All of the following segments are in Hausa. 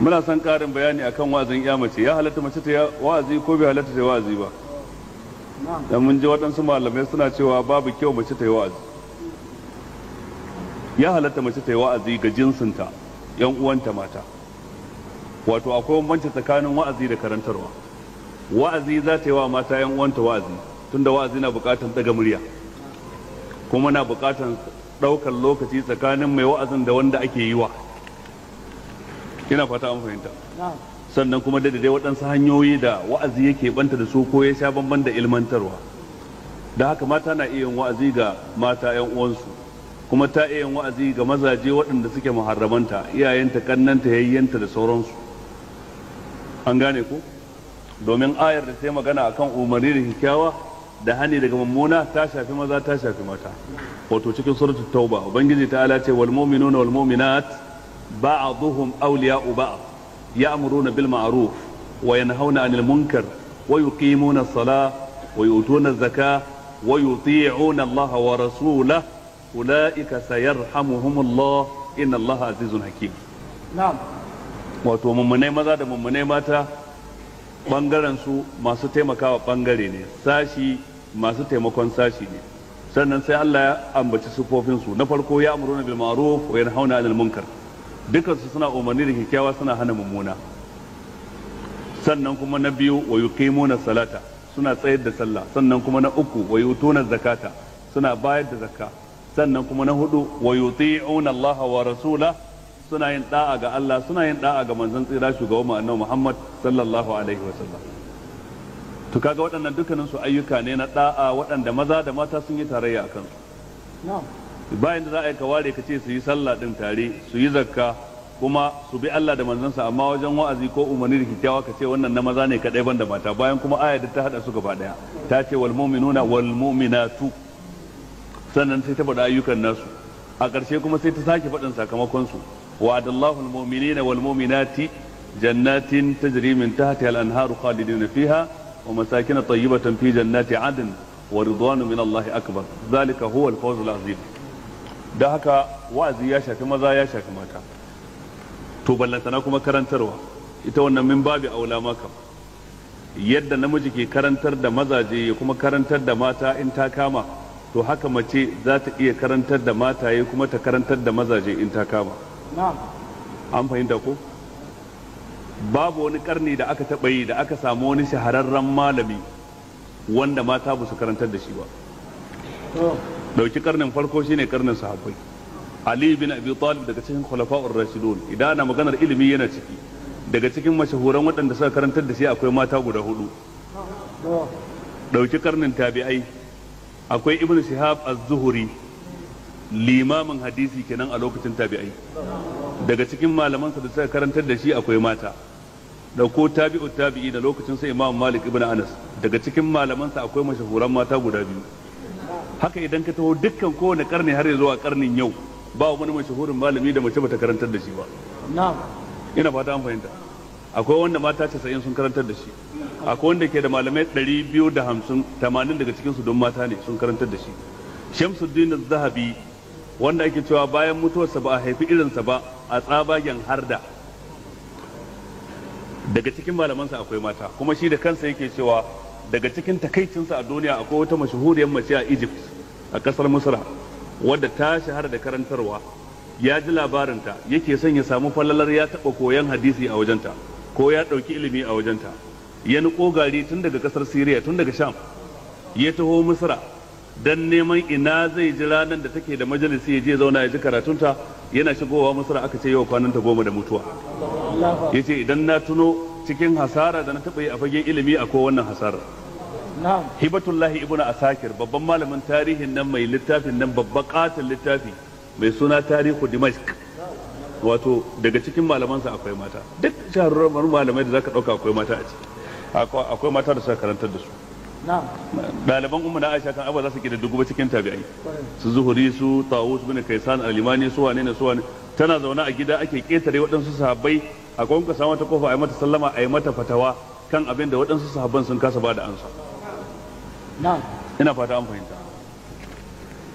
muna son karin bayani akan wa'azin ya mace ya halatta mace ta wa'azi ko bai halatta ta wa'azi ba da mun ji waɗansu malamai suna cewa babu kyau mace ta wazi ya halatta mace ta wa'azi ga jinsinta yan uwanta mata wato akwai bambanci tsakanin wa'azi da karantarwa wa'azi za ta yi wa mata yan uwanta wa'azi tunda wa'azi na buƙatar daga murya kuma na buƙatar ɗaukar lokaci tsakanin mai wa'azin da wanda ake yi wa yana fata an fahimta sannan kuma da dai waɗansu hanyoyi da wa'azi yake banta da su ko ya sha bamban da ilmantarwa da haka mata na iya yin wa'azi ga mata 'yan uwansu kuma ta iya yin wa'azi ga mazaje waɗanda suke muharramanta iyayenta kannanta yayyanta da sauransu an gane ko domin ayar da ta magana akan umarni da kyakkyawa da hani daga mummuna ta shafi maza ta shafi mata wato cikin suratul tauba ubangiji ta ala ce wal mu'minuna wal mu'minat بعضهم أولياء بعض يأمرون بالمعروف وينهون عن المنكر ويقيمون الصلاة ويؤتون الزكاة ويطيعون الله ورسوله أولئك سيرحمهم الله إن الله عزيز حكيم نعم wato mummunai maza da mummunai mata ɓangarensu masu taimakawa bangare ne sashi masu taimakon sashi ne sannan sai Allah ya ambaci sufofin na farko ya amuruna bil ma'ruf wa yanhauna 'anil munkar dukansu suna umarni da kyakkyawa suna hana mummuna sannan kuma na biyu wa kimona salata suna tsayar da sallah sannan kuma na uku wa yutuna zakata suna bayar da zakka sannan kuma na hudu wa auna Allah wa rasula suna yin da'a ga Allah suna yin da'a ga manzon tsira shugaban mu annabi Muhammad sallallahu alaihi wa sallam to kaga waɗannan dukkanin su ayyuka ne na da'a waɗanda maza da mata sun yi tarayya akan su bayan da za a yi kaware ware ka ce su yi sallah din tare su yi zakka kuma su bi Allah da manzansa amma wajen wa'azi ko umarni da kyakkyawa ka ce wannan na maza ne kadai ban da mata bayan kuma aya da ta hada su gaba daya ta ce wal mu'minuna wal mu'minatu sannan sai ta faɗa ayyukan nasu a ƙarshe kuma sai ta sake faɗin sakamakon su wa'adallahu al mu'minina wal mu'minati jannatin tajri min tahtiha al anharu khalidina fiha wa masakin tayyibatan fi jannati adn wa ridwanu min Allah akbar zalika huwa al fawz al azim da haka wa'azi ya shafi maza ya shafi mata to ballantana kuma karantarwa ita wannan min babi aula maka yadda namiji ke karantar da mazaje ya kuma karantar da mata in ta kama to haka mace za ta iya karantar da mataye kuma ta karantar da mazaje in ta kama an fahimta ko babu wani karni da aka taɓa yi da aka samu wani shahararren malami wanda mata ba su karantar da shi ba dauki karnin farko shine karnin sahabbai ali bin abi talib daga cikin khulafa'ur rashidun idan ana maganar ilimi yana ciki daga cikin mashahuran waɗanda suka karantar da shi akwai mata guda hudu dauki karnin tabi'ai akwai ibnu shihab az-zuhri limamin hadisi kenan a lokacin tabi'ai daga cikin malamansa da suka karantar da shi akwai mata dauko tabi'u tabi'i da lokacin sa imam malik ibnu anas daga cikin malamansa akwai mashahuran mata guda biyu haka idan ka taho dukkan kowane karni har zuwa karnin yau ba wani shahurin malami da mace bata karantar da shi ba ina fata an fahimta akwai wanda mata casa'in sun karantar da shi akwai wanda ke da malamai ɗari biyu da hamsin tamanin daga cikinsu don mata ne sun karantar da shi shamsuddin zahabi wanda ake cewa bayan mutuwarsa ba a haifi irinsa ba a tsabagen harda daga cikin malamansa akwai mata kuma shi da kansa yake cewa daga cikin takaicinsa a duniya akwai wata mashahuriyar mace a Egypt a kasar Misra wadda ta shahara da karantarwa ya ji labarinta yake son ya samu falalar ya taɓa koyon hadisi a wajenta ko ya ɗauki ilimi a wajenta ya niƙo gari tun daga kasar Syria tun daga Sham ya taho musra dan neman ina zai ji ranar da take da majalisi ya je zauna ya ji karatunta yana shigowa musra aka ce yau kwanan ta goma da mutuwa yace idan na tuno cikin hasara da na taɓa yi a fage ilimi a ko wannan hasarar hibatullahi ibn asakir babban malamin tarihin nan mai littafin nan babban katin littafi mai suna tarihu dimashq wato daga cikin malamansa akwai mata duk shahararren malamai da zaka dauka akwai mata a ciki akwai mata da suka karantar da su ɗaliban umma na aisha kan abu za su kida dubu cikin tabi'ai su zuhuri su tawus bin kaisan al-limani su wane ne su wane tana zaune a gida ake ketare waɗansu sahabbai a kwanka mata ta kofa a yi mata sallama a yi mata fatawa kan abin da waɗansu sahabban sun kasa ba da ansa ina fata an fahimta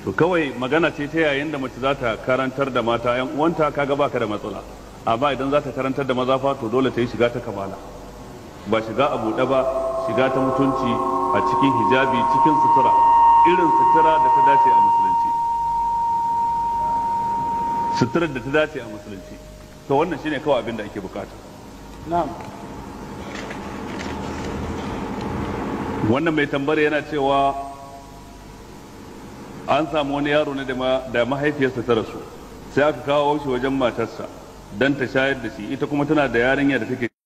to kawai magana ce ta yayin da mace za ta karantar da mata yan uwanta kaga baka da matsala amma idan za ta karantar da maza fa to dole ta yi shiga ta kamala ba shiga a buɗe ba shiga ta mutunci a cikin hijabi cikin sutura irin sutura suturar da ta dace a musulunci to wannan shine kawai abin da ake bukata na'am wannan mai tambara yana cewa an samu wani yaro ne da mahaifiyarsa ta rasu sai aka kawo shi wajen matarsa don ta shayar da shi ita kuma tana da yarinya da take